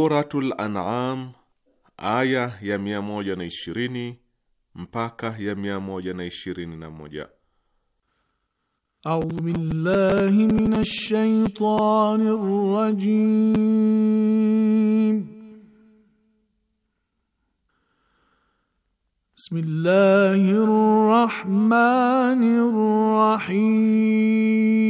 Suratul An'am aya ya na ishirini mpaka ya 121. A'udhu billahi minash shaitanir rajim. Bismillahir rahmanir rahim.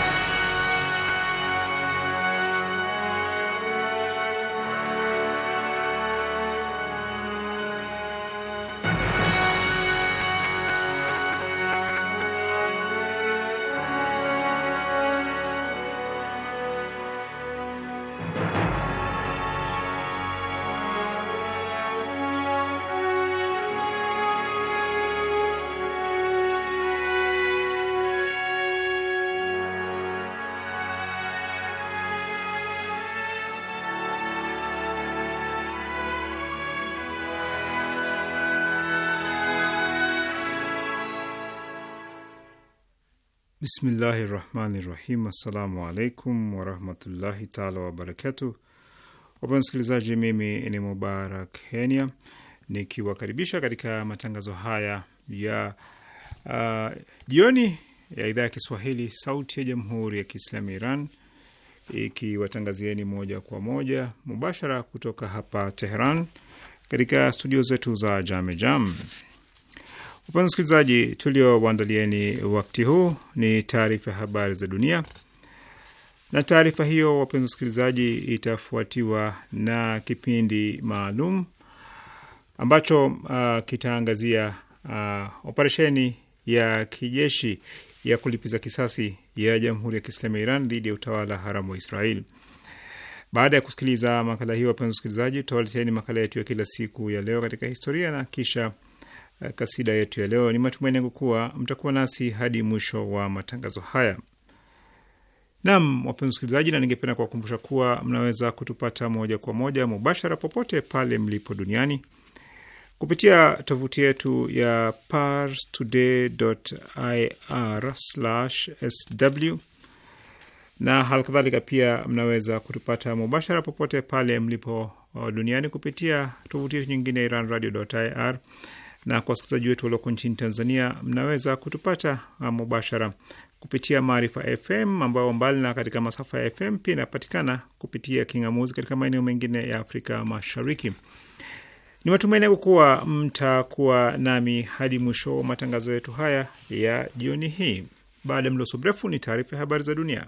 Bismillahi rahmani rahim. Assalamu alaikum warahmatullahi taala wabarakatuh. Wapenzi msikilizaji, mimi ni Mubarak Kenya nikiwakaribisha katika matangazo haya ya uh, jioni ya idhaa ya Kiswahili sauti ya jamhuri ya Kiislamu ya Iran ikiwatangazieni moja kwa moja mubashara kutoka hapa Tehran katika studio zetu za Jamejam jam. Wapenzi wasikilizaji, tuliowaandalieni wakati huu ni taarifa ya habari za dunia, na taarifa hiyo, wapenzi wasikilizaji, itafuatiwa na kipindi maalum ambacho uh, kitaangazia uh, operesheni ya kijeshi ya kulipiza kisasi ya Jamhuri ya Kiislamu ya Iran dhidi ya utawala haramu wa israel Baada ya kusikiliza makala hiyo, wapenzi wasikilizaji, tutawaleteeni makala yetu ya kila siku ya leo katika historia na kisha Eh, kasida yetu ya leo. Ni matumaini yangu kuwa mtakuwa nasi hadi mwisho wa matangazo haya. Nam, wapenzi wasikilizaji, na ningependa kuwakumbusha kuwa mnaweza kutupata moja kwa moja mubashara popote pale mlipo duniani kupitia tovuti yetu ya parstoday.ir/sw na kadhalika pia mnaweza kutupata mubashara popote pale mlipo uh, duniani kupitia tovuti yetu nyingine iranradio.ir na kwa wasikilizaji wetu walioko nchini Tanzania, mnaweza kutupata uh, mubashara kupitia Maarifa FM ambayo mbali na katika masafa ya FM pia inapatikana kupitia kingamuzi katika maeneo mengine ya Afrika Mashariki. Ni matumaini yangu kuwa mtakuwa nami hadi mwisho wa matangazo yetu haya ya jioni hii. Baada ya mloso mrefu, ni taarifa ya habari za dunia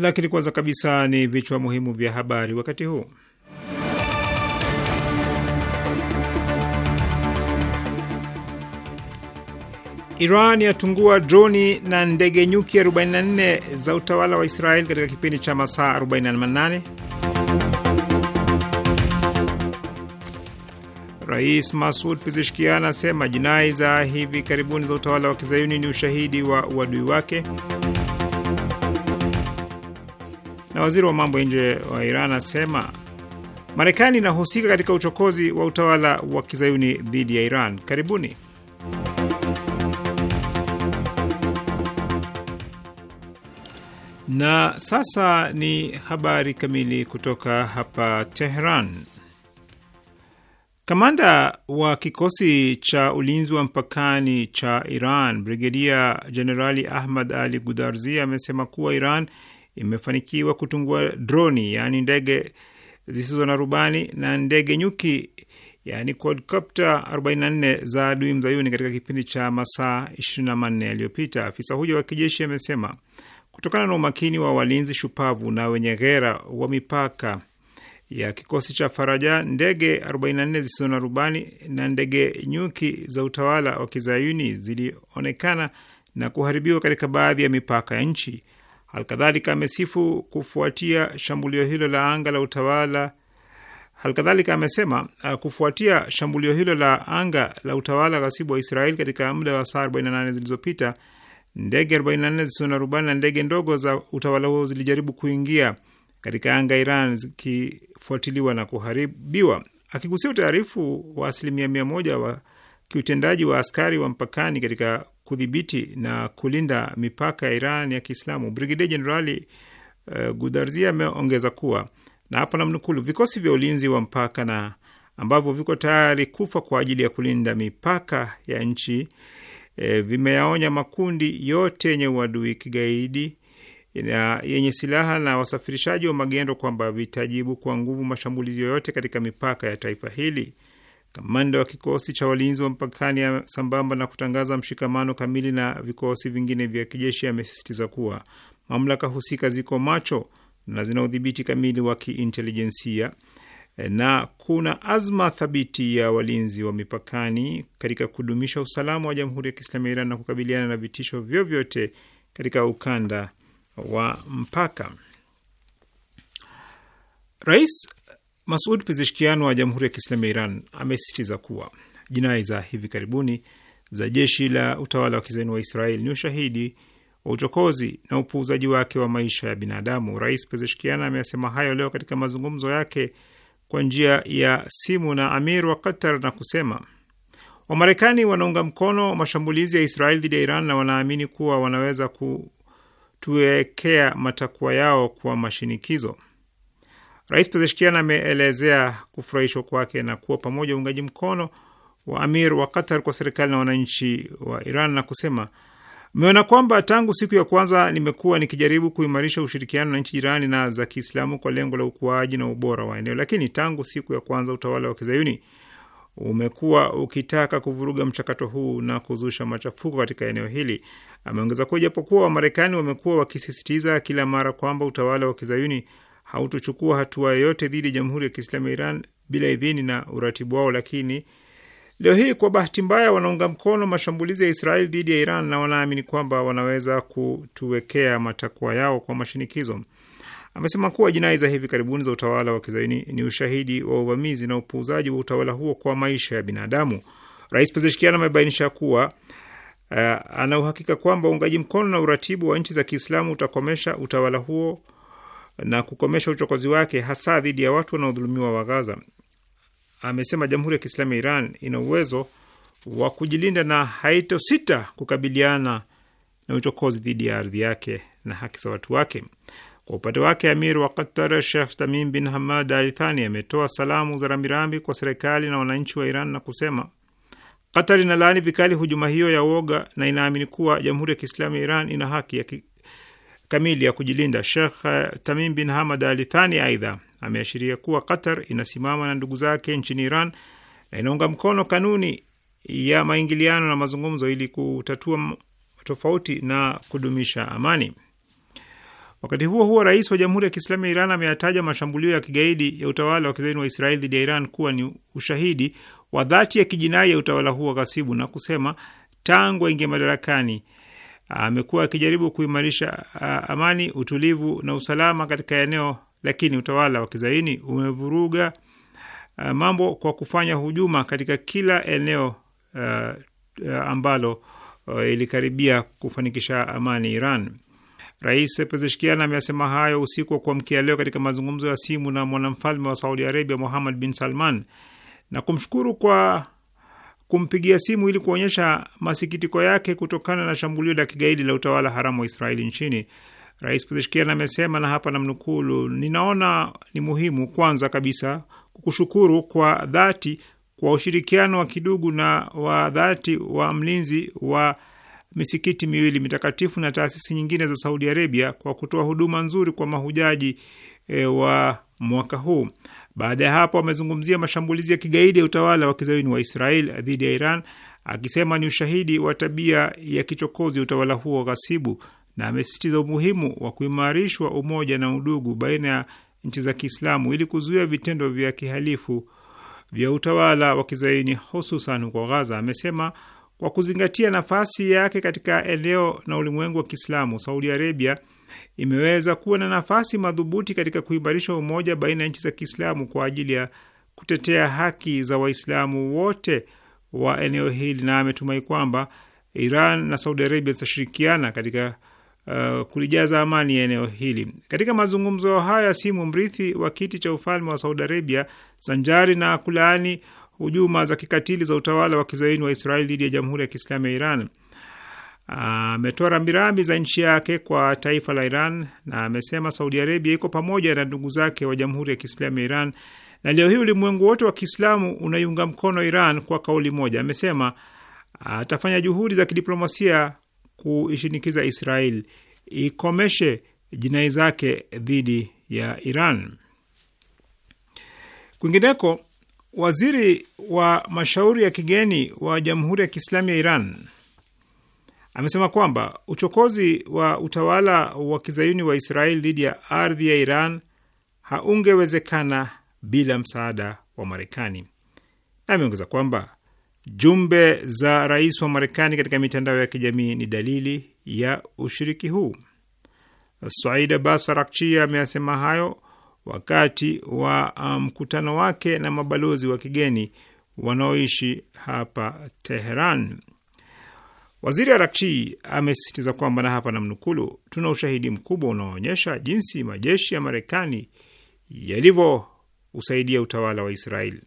lakini kwanza kabisa ni vichwa muhimu vya habari wakati huu. Iran yatungua droni na ndege nyuki 44 za utawala wa Israeli katika kipindi cha masaa 48. Rais Masud Pezeshkian asema jinai za hivi karibuni za utawala wa kizayuni ni ushahidi wa uadui wake na waziri wa mambo ya nje wa Iran asema Marekani inahusika katika uchokozi wa utawala wa kizayuni dhidi ya Iran. Karibuni. Na sasa ni habari kamili kutoka hapa Tehran. Kamanda wa kikosi cha ulinzi wa mpakani cha Iran, Brigedia Jenerali Ahmad Ali Gudarzi amesema kuwa Iran imefanikiwa kutungua droni, yaani ndege zisizo na rubani na ndege nyuki, yaani quadcopter 44 za adui mzayuni katika kipindi cha masaa 24 yaliyopita. Afisa huyo wa kijeshi amesema kutokana na umakini wa walinzi shupavu na wenye ghera wa mipaka ya kikosi cha Faraja, ndege 44 zisizo na rubani na ndege nyuki za utawala wa kizayuni zilionekana na kuharibiwa katika baadhi ya mipaka ya nchi. Halkadhalika amesifu kufuatia shambulio hilo la anga la utawala. halkadhalika amesema uh, kufuatia shambulio hilo la anga la utawala ghasibu wa Israeli katika muda wa saa 48 zilizopita, ndege 44 zisizo na rubani na ndege ndogo za utawala huo zilijaribu kuingia katika anga Iran zikifuatiliwa na kuharibiwa. Akigusia utaarifu wa asilimia mia moja wa kiutendaji wa askari wa mpakani katika kudhibiti na kulinda mipaka ya Iran ya Kiislamu. Brigedia Jenerali uh, Gudarzia ameongeza kuwa na hapa namnukulu, vikosi vya ulinzi wa mpaka na ambavyo viko tayari kufa kwa ajili ya kulinda mipaka ya nchi e, vimeyaonya makundi yote yenye uadui kigaidi na yenye silaha na wasafirishaji wa magendo kwamba vitajibu kwa nguvu mashambulizi yoyote katika mipaka ya taifa hili kamanda wa kikosi cha walinzi wa mpakani, sambamba na kutangaza mshikamano kamili na vikosi vingine vya kijeshi, amesisitiza kuwa mamlaka husika ziko macho na zina udhibiti kamili wa kiintelijensia eh, na kuna azma thabiti ya walinzi wa mipakani katika kudumisha usalama wa Jamhuri ya Kiislamu ya Iran na kukabiliana na vitisho vyovyote katika ukanda wa mpaka. Rais Masud Pezeshkian wa Jamhuri ya Kiislamu ya Iran amesisitiza kuwa jinai za hivi karibuni za jeshi la utawala wa kizayuni wa Israel ni ushahidi wa uchokozi na upuuzaji wake wa maisha ya binadamu. Rais Pezeshkian ameyasema hayo leo katika mazungumzo yake kwa njia ya simu na Amir wa Qatar na kusema Wamarekani wanaunga mkono mashambulizi ya Israel dhidi ya Iran na wanaamini kuwa wanaweza kutuwekea matakwa yao kwa mashinikizo. Rais Pezeshkian ameelezea kufurahishwa kwake na kuwa pamoja uungaji mkono wa amir wa Qatar kwa serikali na wananchi wa Iran na kusema mmeona kwamba tangu siku ya kwanza nimekuwa nikijaribu kuimarisha ushirikiano na nchi jirani na za Kiislamu kwa lengo la ukuaji na ubora wa eneo, lakini tangu siku ya kwanza utawala wa kizayuni umekuwa ukitaka kuvuruga mchakato huu na kuzusha machafuko katika eneo hili. Ameongeza kuwa japokuwa Wamarekani wamekuwa wakisisitiza kila mara kwamba utawala wa kizayuni hautochukua hatua yoyote dhidi ya Jamhuri ya Kiislamu ya Iran bila idhini na uratibu wao, lakini leo hii kwa bahati mbaya wanaunga mkono mashambulizi ya Israeli dhidi ya Iran na wanaamini kwamba wanaweza kutuwekea matakwa yao kwa mashinikizo. Amesema kuwa jinai za hivi karibuni za utawala wa kizaini ni ushahidi wa uvamizi na upuuzaji wa utawala huo kwa maisha ya binadamu. Rais Pezeshkian amebainisha kuwa uh, ana uhakika kwamba uungaji mkono na uratibu wa nchi za Kiislamu utakomesha utawala huo na kukomesha uchokozi wake hasa dhidi ya watu wanaodhulumiwa wa Gaza. Amesema Jamhuri ya Kiislamu ya Iran ina uwezo wa kujilinda na haitosita kukabiliana na uchokozi dhidi ya ardhi yake na haki za watu wake. Kwa upande wake, Amir wa Qatar Shekh Tamim bin Hamad Al Thani ametoa salamu za rambirambi kwa serikali na wananchi wa Iran na kusema Qatar inalaani vikali hujuma hiyo ya uoga na inaamini kuwa Jamhuri ya Kiislamu ya Iran ina haki ya ki kamili ya kujilinda. Shekh eh, Tamim bin Hamad Al Thani aidha ameashiria kuwa Qatar inasimama na ndugu zake nchini Iran na inaunga mkono kanuni ya maingiliano na mazungumzo ili kutatua tofauti na kudumisha amani. Wakati huo huo, rais wa Jamhuri ya Kiislamu ya Iran ameyataja mashambulio ya kigaidi ya utawala wa kizayuni wa Israeli dhidi ya Iran kuwa ni ushahidi wa dhati ya kijinai ya utawala huo ghasibu na kusema tangu aingia madarakani amekuwa akijaribu kuimarisha amani, utulivu na usalama katika eneo, lakini utawala wa kizaini umevuruga mambo kwa kufanya hujuma katika kila eneo ambalo ilikaribia kufanikisha amani Iran. Rais Pezeshkian amesema hayo usiku wa kuamkia leo katika mazungumzo ya simu na mwanamfalme wa Saudi Arabia Muhammad bin Salman na kumshukuru kwa kumpigia simu ili kuonyesha masikitiko yake kutokana na shambulio la kigaidi la utawala haramu wa Israeli nchini. Rais Pezeshkian amesema, na hapa namnukuu, ninaona ni muhimu kwanza kabisa kukushukuru kwa dhati kwa ushirikiano wa kidugu na wa dhati wa mlinzi wa misikiti miwili mitakatifu na taasisi nyingine za Saudi Arabia kwa kutoa huduma nzuri kwa mahujaji e, wa mwaka huu. Baada ya hapo, amezungumzia mashambulizi ya kigaidi ya utawala wa kizayuni wa Israel dhidi ya Iran, akisema ni ushahidi wa tabia ya kichokozi utawala huo ghasibu, na amesisitiza umuhimu wa kuimarishwa umoja na udugu baina ya nchi za Kiislamu ili kuzuia vitendo vya kihalifu vya utawala wa kizaini hususan huko Ghaza. Amesema kwa kuzingatia nafasi yake katika eneo na ulimwengu wa Kiislamu, Saudi Arabia imeweza kuwa na nafasi madhubuti katika kuimarisha umoja baina ya nchi za Kiislamu kwa ajili ya kutetea haki za Waislamu wote wa eneo hili, na ametumai kwamba Iran na Saudi Arabia zitashirikiana katika uh, kulijaza amani ya eneo hili. Katika mazungumzo haya, simu mrithi wa kiti cha ufalme wa Saudi Arabia sanjari na kulaani hujuma za kikatili za utawala wa kizaini wa Israeli dhidi ya Jamhuri ya Kiislamu ya Iran ametoa rambirambi za nchi yake kwa taifa la Iran na amesema Saudi Arabia iko pamoja na ndugu zake wa Jamhuri ya Kiislamu ya Iran na leo hii ulimwengu wote wa Kiislamu unaiunga mkono Iran kwa kauli moja. Amesema atafanya juhudi za kidiplomasia kuishinikiza Israel ikomeshe jinai zake dhidi ya Iran. Kwingineko, waziri wa mashauri ya kigeni wa Jamhuri ya Kiislamu ya Iran amesema kwamba uchokozi wa utawala wa kizayuni wa Israeli dhidi ya ardhi ya Iran haungewezekana bila msaada wa Marekani, na ameongeza kwamba jumbe za rais wa Marekani katika mitandao ya kijamii ni dalili ya ushiriki huu. Said Abbas Arakchi ameyasema hayo wakati wa um, mkutano um, wake na mabalozi wa kigeni wanaoishi hapa Teheran. Waziri Arakchi amesisitiza kwamba na hapa namnukulu, tuna ushahidi mkubwa unaoonyesha jinsi majeshi ya Marekani yalivyousaidia utawala wa Israel.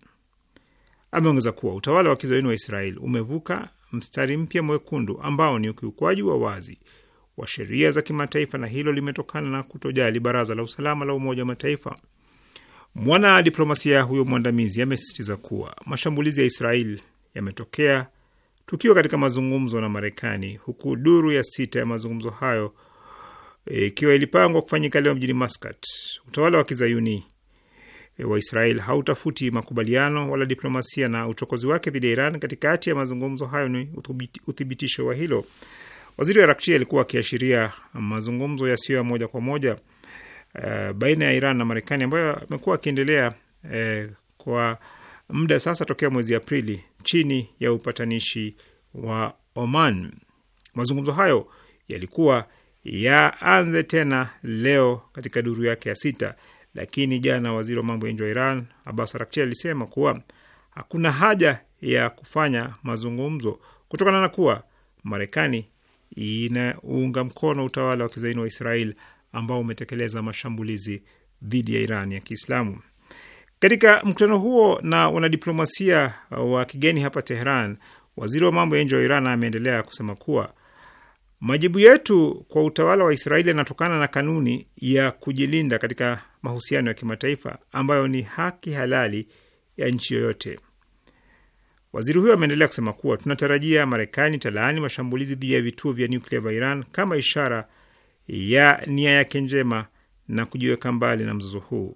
Ameongeza kuwa utawala wa kizayuni wa Israel umevuka mstari mpya mwekundu ambao ni ukiukwaji wa wazi wa sheria za kimataifa, na hilo limetokana na kutojali Baraza la Usalama la Umoja wa Mataifa. Mwana diplomasia huyo mwandamizi amesisitiza kuwa mashambulizi ya Israel yametokea tukiwa katika mazungumzo na Marekani, huku duru ya sita ya mazungumzo hayo e, ikiwa e, ilipangwa kufanyika leo mjini Maskat. Utawala wa kizayuni e, wa Israel hautafuti makubaliano wala diplomasia, na uchokozi wake dhidi ya Iran katikati ya mazungumzo hayo ni uthibitisho wa hilo. Waziri wa Rakchi alikuwa akiashiria mazungumzo yasiyo ya moja kwa moja uh, baina ya Iran na Marekani ambayo amekuwa akiendelea uh, e, kwa muda sasa tokea mwezi Aprili chini ya upatanishi wa Oman. Mazungumzo hayo yalikuwa yaanze tena leo katika duru yake ya sita, lakini jana waziri wa mambo ya nje wa Iran Abbas Araghchi alisema kuwa hakuna haja ya kufanya mazungumzo kutokana na kuwa Marekani inaunga mkono utawala wa kizaini wa Israel ambao umetekeleza mashambulizi dhidi ya Iran ya Kiislamu. Katika mkutano huo na wanadiplomasia uh, wa kigeni hapa Tehran, waziri wa mambo ya nje wa Iran ameendelea kusema kuwa majibu yetu kwa utawala wa Israeli yanatokana na kanuni ya kujilinda katika mahusiano ya kimataifa ambayo ni haki halali ya nchi yoyote. Waziri huyo ameendelea kusema kuwa tunatarajia Marekani italaani mashambulizi dhidi ya vituo vya nyuklia vya Iran kama ishara ya nia yake njema na kujiweka mbali na mzozo huu.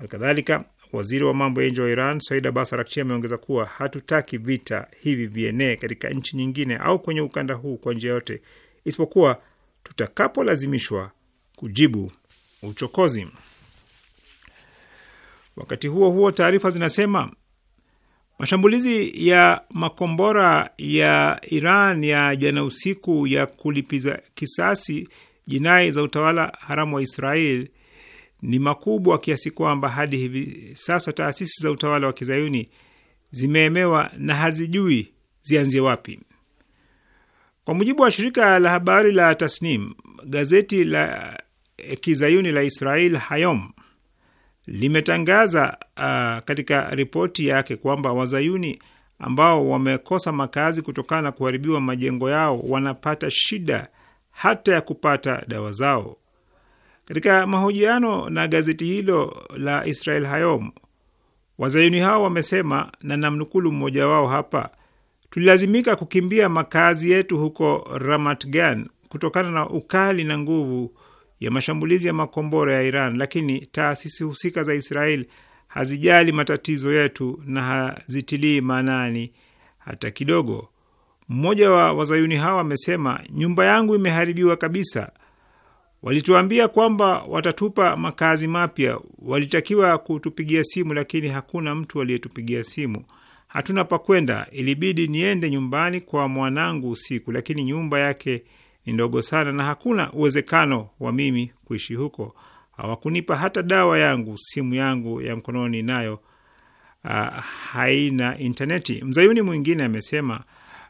Alkadhalika Waziri wa mambo ya nje wa Iran Said Abbas Arakchi ameongeza kuwa hatutaki vita hivi vienee katika nchi nyingine au kwenye ukanda huu kwa njia yote, isipokuwa tutakapolazimishwa kujibu uchokozi. Wakati huo huo, taarifa zinasema mashambulizi ya makombora ya Iran ya jana usiku ya kulipiza kisasi jinai za utawala haramu wa Israel ni makubwa kiasi kwamba hadi hivi sasa taasisi za utawala wa kizayuni zimeemewa na hazijui zianzie wapi. Kwa mujibu wa shirika la habari la Tasnim, gazeti la eh, kizayuni la Israel Hayom limetangaza uh, katika ripoti yake kwamba wazayuni ambao wamekosa makazi kutokana na kuharibiwa majengo yao wanapata shida hata ya kupata dawa zao. Katika mahojiano na gazeti hilo la Israel Hayom, wazayuni hao wamesema, na namnukulu mmoja wao hapa, tulilazimika kukimbia makazi yetu huko Ramat Gan kutokana na ukali na nguvu ya mashambulizi ya makombora ya Iran, lakini taasisi husika za Israel hazijali matatizo yetu na hazitilii maanani hata kidogo. Mmoja wa wazayuni hawa amesema, nyumba yangu imeharibiwa kabisa Walituambia kwamba watatupa makazi mapya. Walitakiwa kutupigia simu, lakini hakuna mtu aliyetupigia simu. Hatuna pa kwenda. Ilibidi niende nyumbani kwa mwanangu usiku, lakini nyumba yake ni ndogo sana na hakuna uwezekano wa mimi kuishi huko. Hawakunipa hata dawa yangu. Simu yangu ya mkononi nayo uh, haina intaneti. Mzayuni mwingine amesema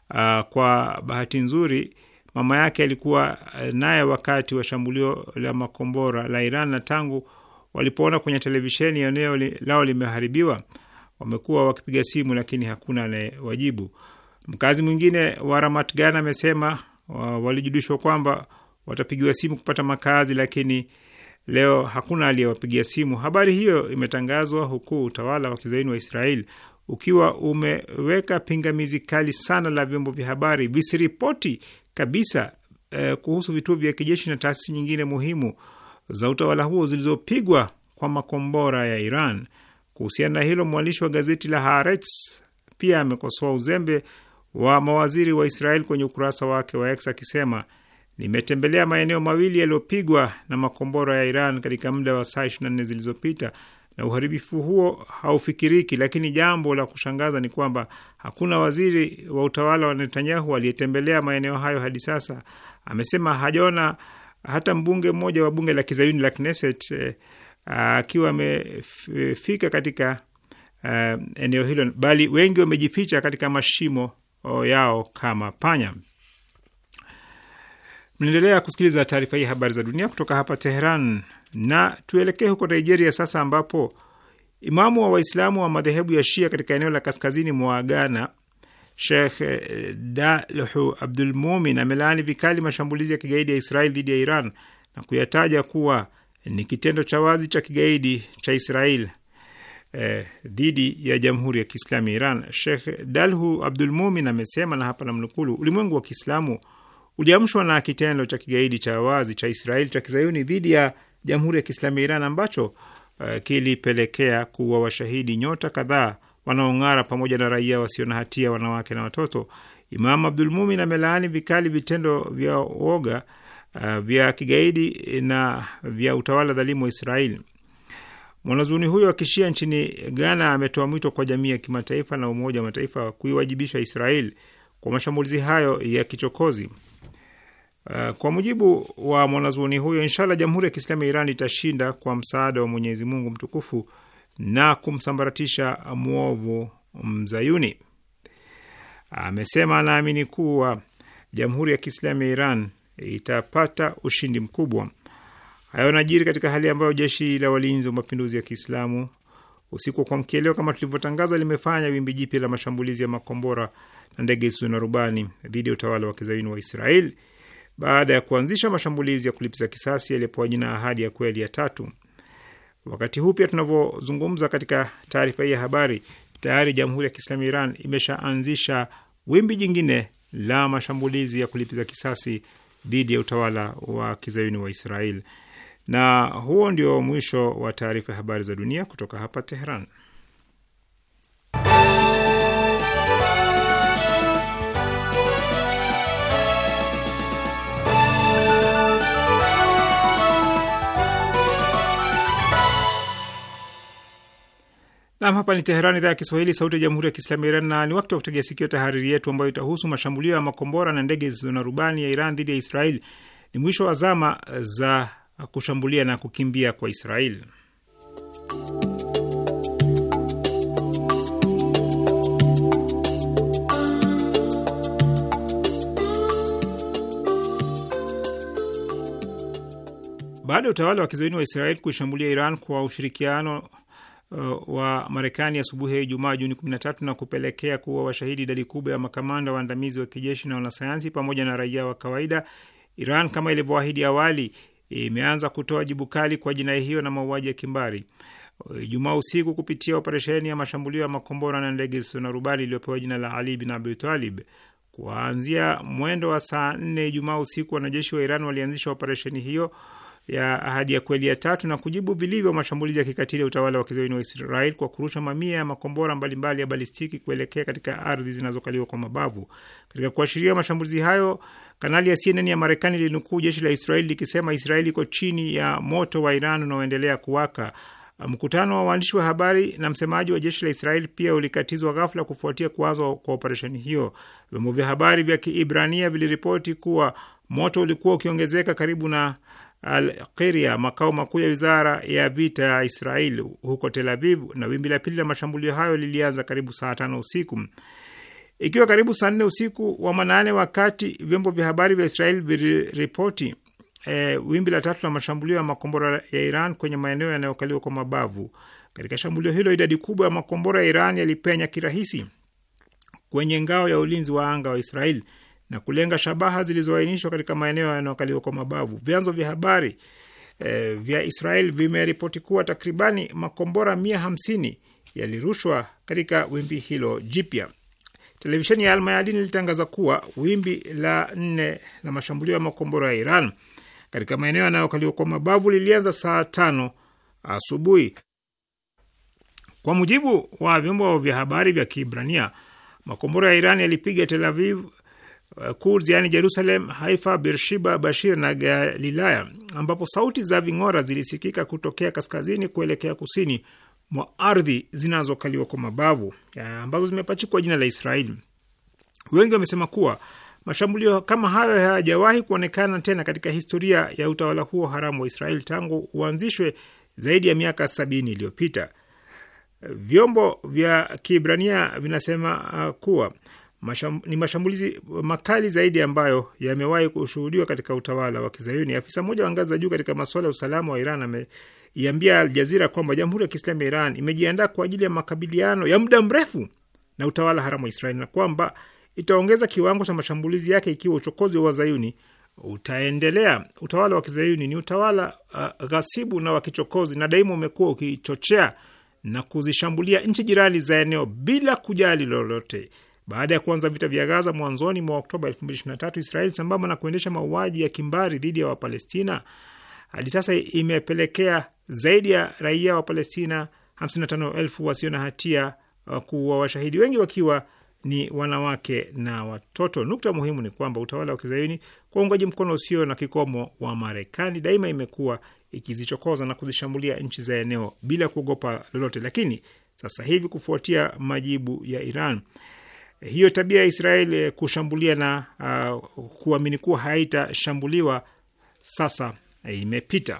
uh, kwa bahati nzuri Mama yake alikuwa eh, naye wakati wa shambulio la makombora la Iran, na tangu walipoona kwenye televisheni eneo lao limeharibiwa, wamekuwa wakipiga simu, lakini hakuna anayewajibu. Mkazi mwingine wa Ramatgan amesema walijulishwa kwamba watapigiwa simu kupata makazi, lakini leo hakuna aliyewapigia simu. Habari hiyo imetangazwa huku utawala wa kizaini wa Israel ukiwa umeweka pingamizi kali sana la vyombo vya habari visiripoti kabisa eh, kuhusu vituo vya kijeshi na taasisi nyingine muhimu za utawala huo zilizopigwa kwa makombora ya Iran. Kuhusiana na hilo, mwandishi wa gazeti la Haaretz pia amekosoa uzembe wa mawaziri wa Israel kwenye ukurasa wake wa X akisema, nimetembelea maeneo mawili yaliyopigwa na makombora ya Iran katika muda wa saa 24 zilizopita na uharibifu huo haufikiriki. Lakini jambo la kushangaza ni kwamba hakuna waziri wa utawala wa Netanyahu aliyetembelea maeneo hayo hadi sasa. Amesema hajaona hata mbunge mmoja wa bunge la kizayuni la Knesset eh, akiwa amefika katika uh, eneo hilo, bali wengi wamejificha katika mashimo oh, yao kama panya. Mnaendelea kusikiliza taarifa hii habari za dunia kutoka hapa Teheran, na tuelekee huko Nigeria sasa, ambapo imamu wa Waislamu wa madhehebu ya Shia katika eneo la kaskazini mwa Ghana, Sheikh Dalhu Abdul Mumin amelaani vikali mashambulizi ya kigaidi ya israel dhidi ya Iran na kuyataja kuwa ni kitendo cha wazi cha kigaidi cha Israel eh, dhidi ya Jamhuri ya Kiislamu ya Iran. Sheikh Dalhu Abdul Mumin amesema, na hapa namnukulu ulimwengu wa Kiislamu uliamshwa na kitendo cha kigaidi cha wazi cha Israeli cha kizayuni dhidi ya Jamhuri ya Kiislamu ya Iran ambacho uh, kilipelekea kuwa washahidi nyota kadhaa wanaong'ara pamoja na raia wasio na hatia, wanawake na watoto. Imam Abdul Mumin amelaani vikali vitendo vya woga uh, vya kigaidi na vya utawala dhalimu wa Israeli. Mwanazuoni huyo akishia nchini Ghana ametoa mwito kwa jamii ya kimataifa na Umoja wa Mataifa kuiwajibisha Israeli kwa mashambulizi hayo ya kichokozi. Eh, kwa mujibu wa mwanazuoni huyo, inshallah Jamhuri ya Kiislamu ya Iran itashinda kwa msaada wa Mwenyezi Mungu mtukufu na kumsambaratisha mwovu mzayuni. Amesema anaamini kuwa Jamhuri ya Kiislamu ya Iran itapata ushindi mkubwa. Hayo najiri katika hali ambayo jeshi la walinzi wa mapinduzi ya Kiislamu usiku wa kuamkia leo, kama tulivyotangaza, limefanya wimbi jipya la mashambulizi ya makombora na ndege zisizo na rubani dhidi ya utawala wa kizayuni wa Israeli baada ya kuanzisha mashambulizi ya kulipiza kisasi yaliyopewa jina Ahadi ya Kweli ya Tatu. Wakati huu pia tunavyozungumza, katika taarifa hii ya habari, tayari Jamhuri ya Kiislamu Iran imeshaanzisha wimbi jingine la mashambulizi ya kulipiza kisasi dhidi ya utawala wa kizayuni wa Israel. Na huo ndio mwisho wa taarifa ya habari za dunia kutoka hapa Tehran. Nam, hapa ni Teheran, idhaa ya Kiswahili, sauti ya jamhuri ya kiislamu ya Iran, na ni wakati wa kutegea sikio tahariri yetu ambayo itahusu mashambulio ya makombora na ndege zisizo na rubani ya Iran dhidi ya Israel. Ni mwisho wa zama za kushambulia na kukimbia kwa Israel. Baada ya utawala wa kizoini wa Israel kuishambulia Iran kwa ushirikiano uh, wa Marekani asubuhi ya Ijumaa Juni 13 na kupelekea kuwa washahidi idadi kubwa ya makamanda waandamizi wa kijeshi na wanasayansi pamoja na raia wa kawaida. Iran kama ilivyoahidi awali imeanza kutoa jibu kali kwa jinai hiyo na mauaji ya kimbari Ijumaa usiku kupitia operesheni ya mashambulio ya makombora na ndege zisizo na rubani iliyopewa jina la Ali bin Abi Talib. Kuanzia mwendo wa saa nne Ijumaa usiku, wanajeshi wa Iran walianzisha operesheni hiyo ya ahadi ya kweli ya tatu na kujibu vilivyo mashambulizi ya kikatili ya utawala wa kizayuni wa Israel kwa kurusha mamia ya makombora mbalimbali ya balistiki kuelekea katika ardhi zinazokaliwa kwa mabavu. Katika kuashiria mashambulizi hayo, kanali ya CNN ya Marekani ilinukuu jeshi la Israeli likisema Israeli iko chini ya moto wa Iran unaoendelea kuwaka. Mkutano wa waandishi wa habari na msemaji wa jeshi la Israeli pia ulikatizwa ghafla kufuatia kuanza kwa operesheni hiyo. Vyombo vya habari vya Kiibrania viliripoti kuwa moto ulikuwa ukiongezeka karibu na Qiria, makao makuu ya wizara ya vita ya Israeli huko Tel Aviv, na wimbi la pili la mashambulio hayo lilianza karibu saa tano usiku ikiwa karibu saa nne usiku wa manane, wakati vyombo vya habari vya Israeli viliripoti e, wimbi la tatu la mashambulio ya makombora ya Iran kwenye maeneo yanayokaliwa kwa mabavu. Katika shambulio hilo, idadi kubwa ya makombora ya Iran yalipenya kirahisi kwenye ngao ya ulinzi wa anga wa Israeli na kulenga shabaha zilizoainishwa katika maeneo yanayokaliwa kwa mabavu. Vyanzo vya habari e, vya Israel vimeripoti kuwa takribani makombora mia hamsini yalirushwa katika wimbi hilo jipya. Televisheni ya Almayadin ilitangaza kuwa wimbi la nne la mashambulio ya makombora ya Iran katika maeneo yanayokaliwa kwa mabavu lilianza saa tano asubuhi. Kwa mujibu wa vyombo vya habari vya Kiibrania, makombora ya Iran yalipiga Tel Aviv, Uh, Kurs, yani Jerusalem, Haifa, Bershiba, Bashir na Galilaya, ambapo sauti za ving'ora zilisikika kutokea kaskazini kuelekea kusini mwa ardhi zinazokaliwa kwa mabavu uh, ambazo zimepachikwa jina la Israeli. Wengi wamesema kuwa mashambulio kama hayo hayajawahi kuonekana tena katika historia ya utawala huo haramu wa Israeli tangu uanzishwe zaidi ya miaka sabini iliyopita. Vyombo vya Kiibrania vinasema uh, kuwa masham, ni mashambulizi makali zaidi ambayo yamewahi kushuhudiwa katika utawala wa Kizayuni. Afisa mmoja wa ngazi za juu katika masuala ya usalama wa Iran ameiambia Al Jazeera kwamba Jamhuri ya Kiislamu ya Iran imejiandaa kwa ajili ya makabiliano ya muda mrefu na utawala haramu wa Israeli na kwamba itaongeza kiwango cha mashambulizi yake ikiwa uchokozi wa Zayuni utaendelea. Utawala wa Kizayuni ni utawala uh, ghasibu na wa kichokozi, na daima umekuwa ukichochea na kuzishambulia nchi jirani za eneo bila kujali lolote. Baada ya kuanza vita vya Gaza mwanzoni mwa Oktoba 2023, Israeli sambamba na kuendesha mauaji ya kimbari dhidi ya Wapalestina hadi sasa imepelekea zaidi ya raia wa Palestina 55,000 wasio na hatia uh, kuwa washahidi, wengi wakiwa ni wanawake na watoto. Nukta muhimu ni kwamba utawala wa kizayuni kwa uungaji mkono usio na kikomo wa Marekani daima imekuwa ikizichokoza na kuzishambulia nchi za eneo bila kuogopa lolote, lakini sasa hivi kufuatia majibu ya Iran hiyo tabia ya Israeli kushambulia na uh, kuamini kuwa haitashambuliwa sasa imepita.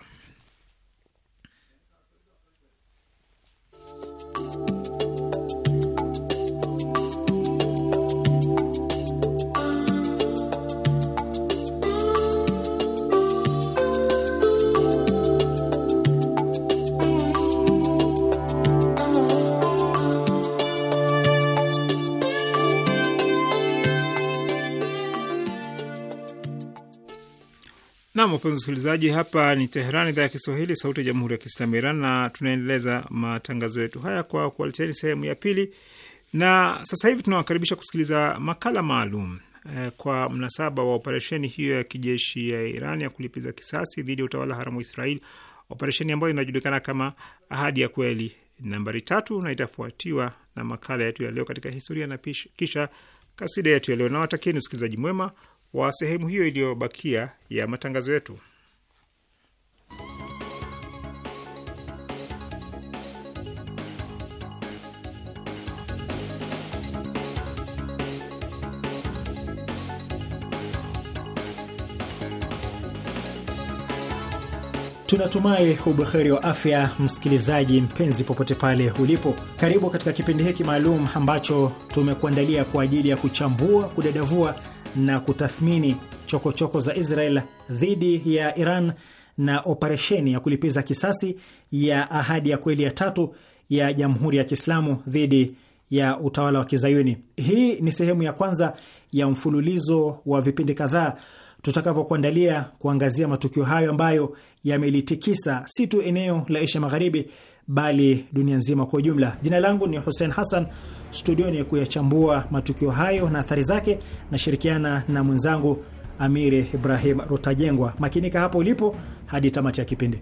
Nam, wapenzi wasikilizaji, hapa ni Teheran, idhaa ya Kiswahili, sauti ya jamhuri ya kiislamu ya Iran, na tunaendeleza matangazo yetu haya kwa kuwaleteani sehemu ya pili, na sasa hivi tunawakaribisha kusikiliza makala maalum eh, kwa mnasaba wa operesheni hiyo ya kijeshi ya Iran ya kulipiza kisasi dhidi ya utawala haramu wa Israel, operesheni ambayo inajulikana kama Ahadi ya Kweli nambari tatu, na itafuatiwa na makala yetu ya leo katika historia na pisha, kisha kasida yetu ya leo. Nawatakieni usikilizaji mwema wa sehemu hiyo iliyobakia ya matangazo yetu. Tunatumai ubuheri wa afya, msikilizaji mpenzi, popote pale ulipo. Karibu katika kipindi hiki maalum ambacho tumekuandalia kwa ajili ya kuchambua, kudadavua na kutathmini chokochoko choko za Israel dhidi ya Iran na operesheni ya kulipiza kisasi ya ahadi ya kweli ya tatu ya Jamhuri ya Kiislamu dhidi ya utawala wa Kizayuni. Hii ni sehemu ya kwanza ya mfululizo wa vipindi kadhaa tutakavyokuandalia kuangazia matukio hayo ambayo yamelitikisa si tu eneo la Asia Magharibi bali dunia nzima kwa ujumla. Jina langu ni Hussein Hassan, studioni kuyachambua matukio hayo na athari zake, nashirikiana na mwenzangu Amiri Ibrahim Rutajengwa. Makinika hapo ulipo hadi tamati ya kipindi.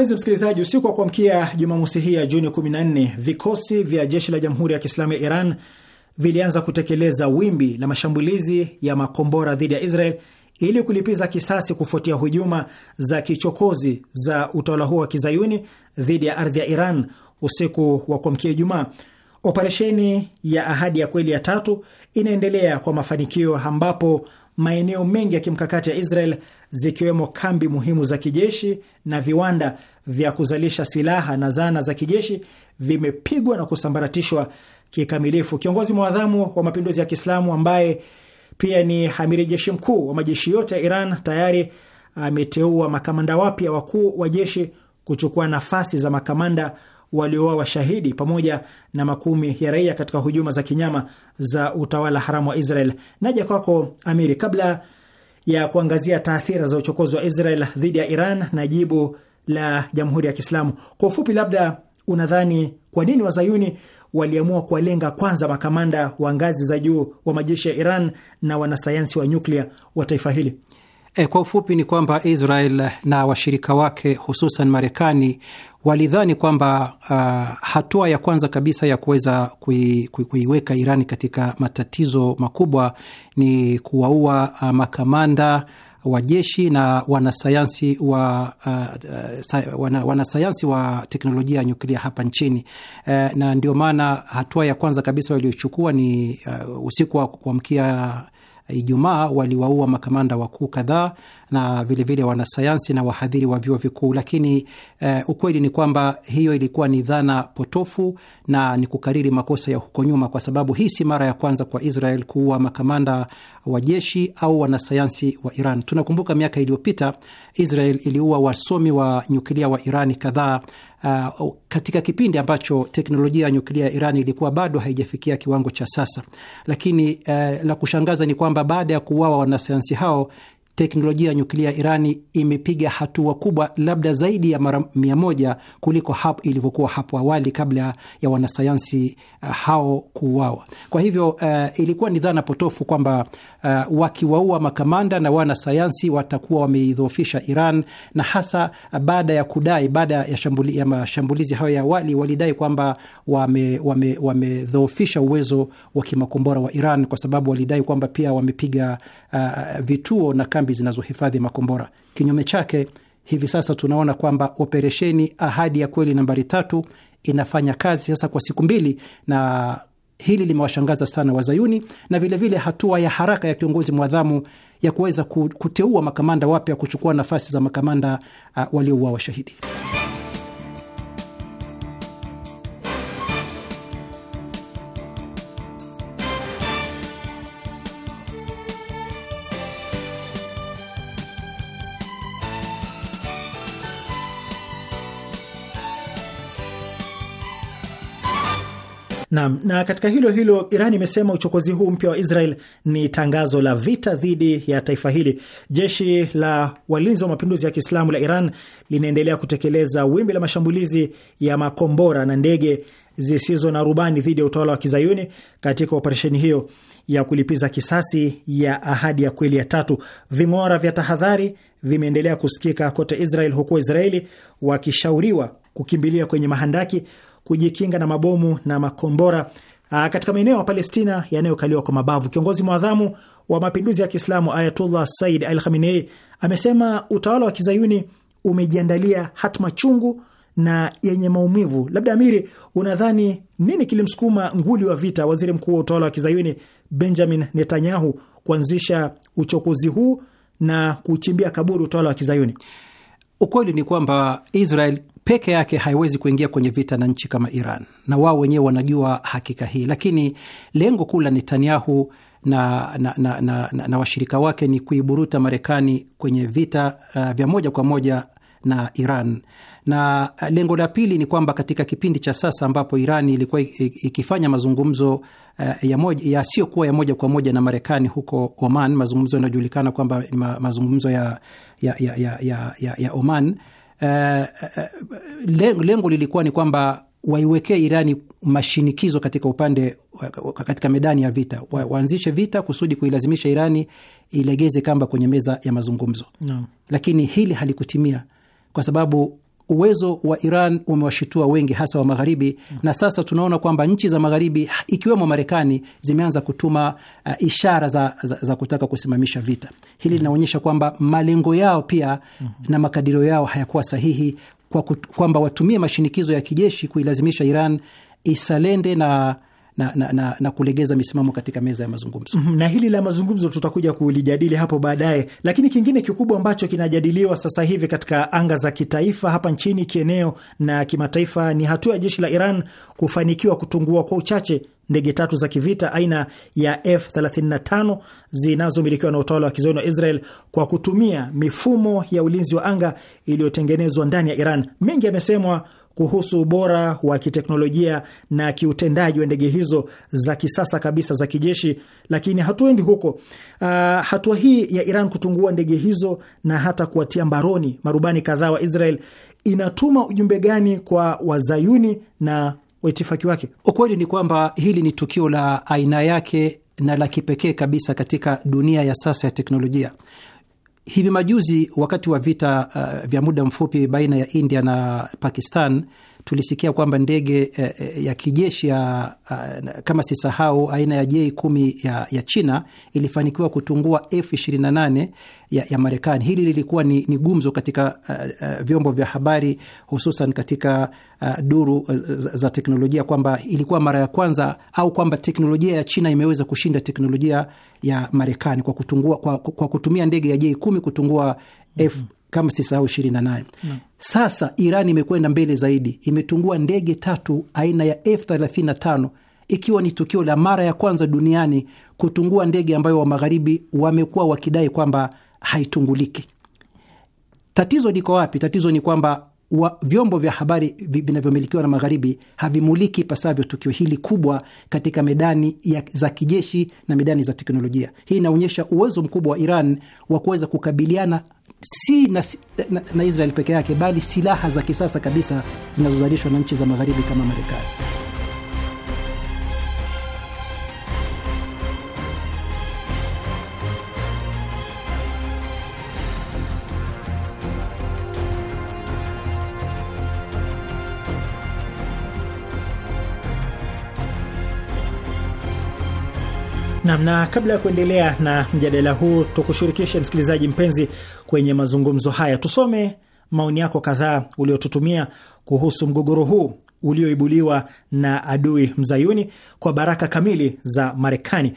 Mpenzi msikilizaji, usiku wa kuamkia Jumamosi hii ya Juni 14 vikosi vya jeshi la Jamhuri ya Kiislamu ya Iran vilianza kutekeleza wimbi la mashambulizi ya makombora dhidi ya Israel ili kulipiza kisasi kufuatia hujuma za kichokozi za utawala huo wa kizayuni dhidi ya ardhi ya Iran usiku wa kuamkia Ijumaa. Operesheni ya Ahadi ya Kweli ya tatu inaendelea kwa mafanikio, ambapo maeneo mengi ya kimkakati ya Israel zikiwemo kambi muhimu za kijeshi na viwanda vya kuzalisha silaha na zana za kijeshi vimepigwa na kusambaratishwa kikamilifu. Kiongozi mwadhamu wa mapinduzi ya Kiislamu ambaye pia ni amiri jeshi mkuu wa majeshi yote ya Iran tayari ameteua makamanda wapya wakuu wa jeshi kuchukua nafasi za makamanda walioa washahidi pamoja na makumi ya raia katika hujuma za kinyama za utawala haramu wa Israel. Naja kwako Amiri, kabla ya kuangazia taathira za uchokozi wa Israel dhidi ya Iran na jibu la Jamhuri ya Kiislamu. Kwa ufupi, labda unadhani kwa nini wazayuni waliamua kuwalenga kwanza makamanda wa ngazi za juu wa majeshi ya Iran na wanasayansi wa nyuklia wa taifa hili? E, kwa ufupi ni kwamba Israel na washirika wake hususan Marekani walidhani kwamba uh, hatua ya kwanza kabisa ya kuweza kui, kui, kuiweka Irani katika matatizo makubwa ni kuwaua uh, makamanda wa jeshi na wanasayansi wa uh, ah, sa, wana, wanasayansi wa teknolojia ya nyuklia hapa nchini uh, na ndio maana hatua ya kwanza kabisa waliochukua ni uh, usiku wa kuamkia Ijumaa waliwaua makamanda wakuu kadhaa na vilevile wanasayansi na wahadhiri wa vyuo vikuu, lakini eh, ukweli ni kwamba hiyo ilikuwa ni dhana potofu na ni kukariri makosa ya huko nyuma, kwa sababu hii si mara ya kwanza kwa Israel kuua makamanda wa jeshi au wanasayansi wa Iran. Tunakumbuka miaka iliyopita Israel iliua wasomi wa nyukilia wa Irani kadhaa Uh, katika kipindi ambacho teknolojia ya nyuklia ya Iran ilikuwa bado haijafikia kiwango cha sasa, lakini uh, la kushangaza ni kwamba baada ya kuuawa wanasayansi hao teknolojia ya nyuklia ya Irani imepiga hatua kubwa, labda zaidi ya mara mia moja kuliko hapo ilivyokuwa hapo awali kabla ya wanasayansi eh, hao kuuawa. Kwa hivyo uh, ilikuwa ni dhana potofu kwamba uh, wakiwaua makamanda na wanasayansi watakuwa wameidhoofisha Iran, na hasa baada ya kudai, baada ya, shambuli, ya mashambulizi hayo ya awali walidai kwamba wamedhoofisha wame, wame uwezo wa kimakombora wa Iran, kwa sababu walidai kwamba pia wamepiga uh, vituo na kambi zinazohifadhi makombora. Kinyume chake, hivi sasa tunaona kwamba operesheni Ahadi ya Kweli nambari tatu inafanya kazi sasa kwa siku mbili, na hili limewashangaza sana Wazayuni na vilevile vile hatua ya haraka ya kiongozi mwadhamu ya kuweza kuteua makamanda wapya kuchukua nafasi za makamanda uh, waliouawa shahidi. Na, na katika hilo hilo Iran imesema uchokozi huu mpya wa Israel ni tangazo la vita dhidi ya taifa hili. Jeshi la walinzi wa mapinduzi ya Kiislamu la Iran linaendelea kutekeleza wimbi la mashambulizi ya makombora na ndege zisizo na rubani dhidi ya utawala wa Kizayuni katika operesheni hiyo ya kulipiza kisasi ya ahadi ya kweli ya tatu. Ving'ora vya tahadhari vimeendelea kusikika kote Israel, huku Waisraeli wakishauriwa kukimbilia kwenye mahandaki kujikinga na mabomu na makombora ah, katika maeneo ya Palestina yanayokaliwa kwa mabavu. Kiongozi mwadhamu wa mapinduzi ya Kiislamu Ayatullah Said Al Khamenei amesema utawala wa kizayuni umejiandalia hatma chungu na yenye maumivu. Labda Amiri, unadhani nini kilimsukuma nguli wa vita, waziri mkuu wa utawala wa kizayuni Benjamin Netanyahu, kuanzisha uchokozi huu na kuchimbia kaburi utawala wa kizayuni? Ukweli ni kwamba Israel peke yake haiwezi kuingia kwenye vita na nchi kama Iran, na wao wenyewe wanajua hakika hii, lakini lengo kuu la Netanyahu na, na, na, na, na, na washirika wake ni kuiburuta Marekani kwenye vita uh, vya moja kwa moja na Iran na uh, lengo la pili ni kwamba katika kipindi cha sasa ambapo Iran ilikuwa ikifanya mazungumzo uh, yasiyokuwa ya, moja kwa moja na Marekani huko Oman, mazungumzo yanayojulikana kwamba ni mazungumzo ya, ya, ya, ya, ya, ya Oman uh, lengo lilikuwa ni kwamba waiwekee Irani mashinikizo katika upande katika medani ya vita waanzishe vita kusudi kuilazimisha Irani ilegeze kamba kwenye meza ya mazungumzo no. Lakini hili halikutimia kwa sababu uwezo wa Iran umewashitua wengi, hasa wa Magharibi mm. Na sasa tunaona kwamba nchi za Magharibi ikiwemo Marekani zimeanza kutuma uh, ishara za, za, za kutaka kusimamisha vita. Hili mm. linaonyesha mm. kwamba malengo yao pia mm -hmm. na makadirio yao hayakuwa sahihi kwa kwamba watumie mashinikizo ya kijeshi kuilazimisha Iran isalende na na, na, na, na kulegeza misimamo katika meza ya mazungumzo. Mhm, na hili la mazungumzo tutakuja kulijadili hapo baadaye, lakini kingine kikubwa ambacho kinajadiliwa sasa hivi katika anga za kitaifa hapa nchini, kieneo na kimataifa ni hatua ya jeshi la Iran kufanikiwa kutungua kwa uchache ndege tatu za kivita aina ya F35 zinazomilikiwa na utawala wa kizayuni wa Israel kwa kutumia mifumo ya ulinzi wa anga iliyotengenezwa ndani ya Iran. Mengi yamesemwa kuhusu ubora wa kiteknolojia na kiutendaji wa ndege hizo za kisasa kabisa za kijeshi, lakini hatuendi huko. Uh, hatua hii ya Iran kutungua ndege hizo na hata kuwatia mbaroni marubani kadhaa wa Israel inatuma ujumbe gani kwa wazayuni na waitifaki wake? Ukweli ni kwamba hili ni tukio la aina yake na la kipekee kabisa katika dunia ya sasa ya teknolojia. Hivi majuzi wakati wa vita uh, vya muda mfupi baina ya India na Pakistan tulisikia kwamba ndege eh, eh ya kijeshi ya ah, kama sisahau aina ya J10 ya, ya China ilifanikiwa kutungua F28 ya, ya Marekani. Hili lilikuwa ni, ni gumzo katika uh, vyombo vya habari hususan katika uh, duru uh, za teknolojia kwamba ilikuwa mara ya kwanza au kwamba teknolojia ya China imeweza kushinda teknolojia ya Marekani kwa kutungua, kwa, kwa kutumia ndege ya J10 kutungua F, kama sisahau ishirini na nane. Sasa Iran imekwenda mbele zaidi, imetungua ndege tatu aina ya F35 ikiwa ni tukio la mara ya kwanza duniani kutungua ndege ambayo wa magharibi wamekuwa wakidai kwamba haitunguliki. Tatizo liko wapi? Tatizo ni kwamba wa vyombo vya habari vinavyomilikiwa na magharibi havimuliki pasavyo tukio hili kubwa katika medani ya za kijeshi na medani za teknolojia. Hii inaonyesha uwezo mkubwa wa Iran wa kuweza kukabiliana si na, na, na Israel peke yake, bali silaha za kisasa kabisa zinazozalishwa na nchi za magharibi kama Marekani. Nam, na kabla ya kuendelea na mjadala huu, tukushirikishe msikilizaji mpenzi kwenye mazungumzo haya. Tusome maoni yako kadhaa uliotutumia kuhusu mgogoro huu ulioibuliwa na adui mzayuni kwa baraka kamili za Marekani.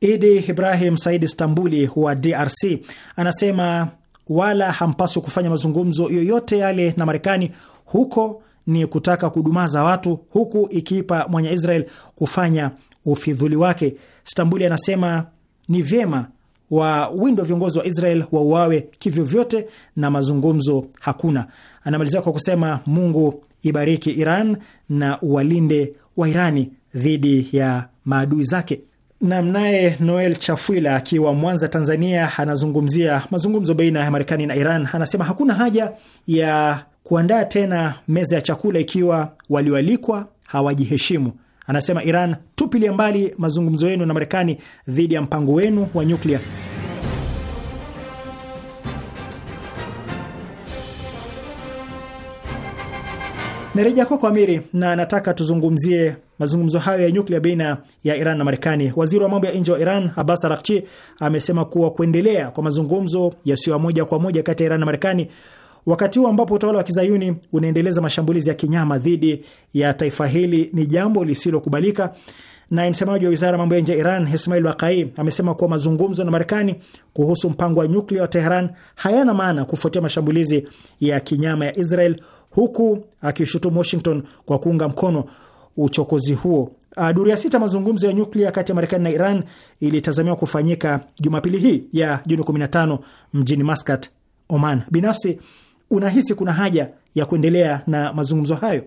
Idi Ibrahim Said Stambuli wa DRC anasema wala hampaswi kufanya mazungumzo yoyote yale na Marekani, huko ni kutaka kudumaza watu, huku ikiipa mwenye Israel kufanya ufidhuli wake. Stambuli anasema ni vyema wawindwa viongozi wa Israel wauawe kivyovyote na mazungumzo hakuna. Anamalizia kwa kusema Mungu ibariki Iran na walinde wa Irani dhidi ya maadui zake. namnaye Noel Chafwila akiwa Mwanza, Tanzania, anazungumzia mazungumzo baina ya Marekani na Iran. Anasema hakuna haja ya kuandaa tena meza ya chakula ikiwa walioalikwa hawajiheshimu. Anasema Iran, tupilie mbali mazungumzo yenu na Marekani dhidi ya mpango wenu wa nyuklia. Nareja kwako Amiri, na nataka tuzungumzie mazungumzo hayo ya nyuklia baina ya Iran na Marekani. Waziri wa mambo ya nje wa Iran Abbas Araghchi amesema kuwa kuendelea kwa mazungumzo yasiyo moja kwa moja kati ya Iran na Marekani Wakati huu ambapo utawala wa kizayuni unaendeleza mashambulizi ya kinyama dhidi ya taifa hili ni jambo lisilokubalika, na msemaji wa wizara ya mambo ya nje ya Iran Ismail Waqai amesema kuwa mazungumzo na Marekani kuhusu mpango wa nyuklia wa Teheran hayana maana kufuatia mashambulizi ya kinyama ya Israel, huku akishutumu Washington kwa kuunga mkono uchokozi huo. Ah, duru ya sita mazungumzo ya nyuklia kati ya Marekani na Iran ilitazamiwa kufanyika Jumapili hii ya Juni 15 mjini Maskat, Oman. Binafsi unahisi kuna haja ya kuendelea na mazungumzo hayo?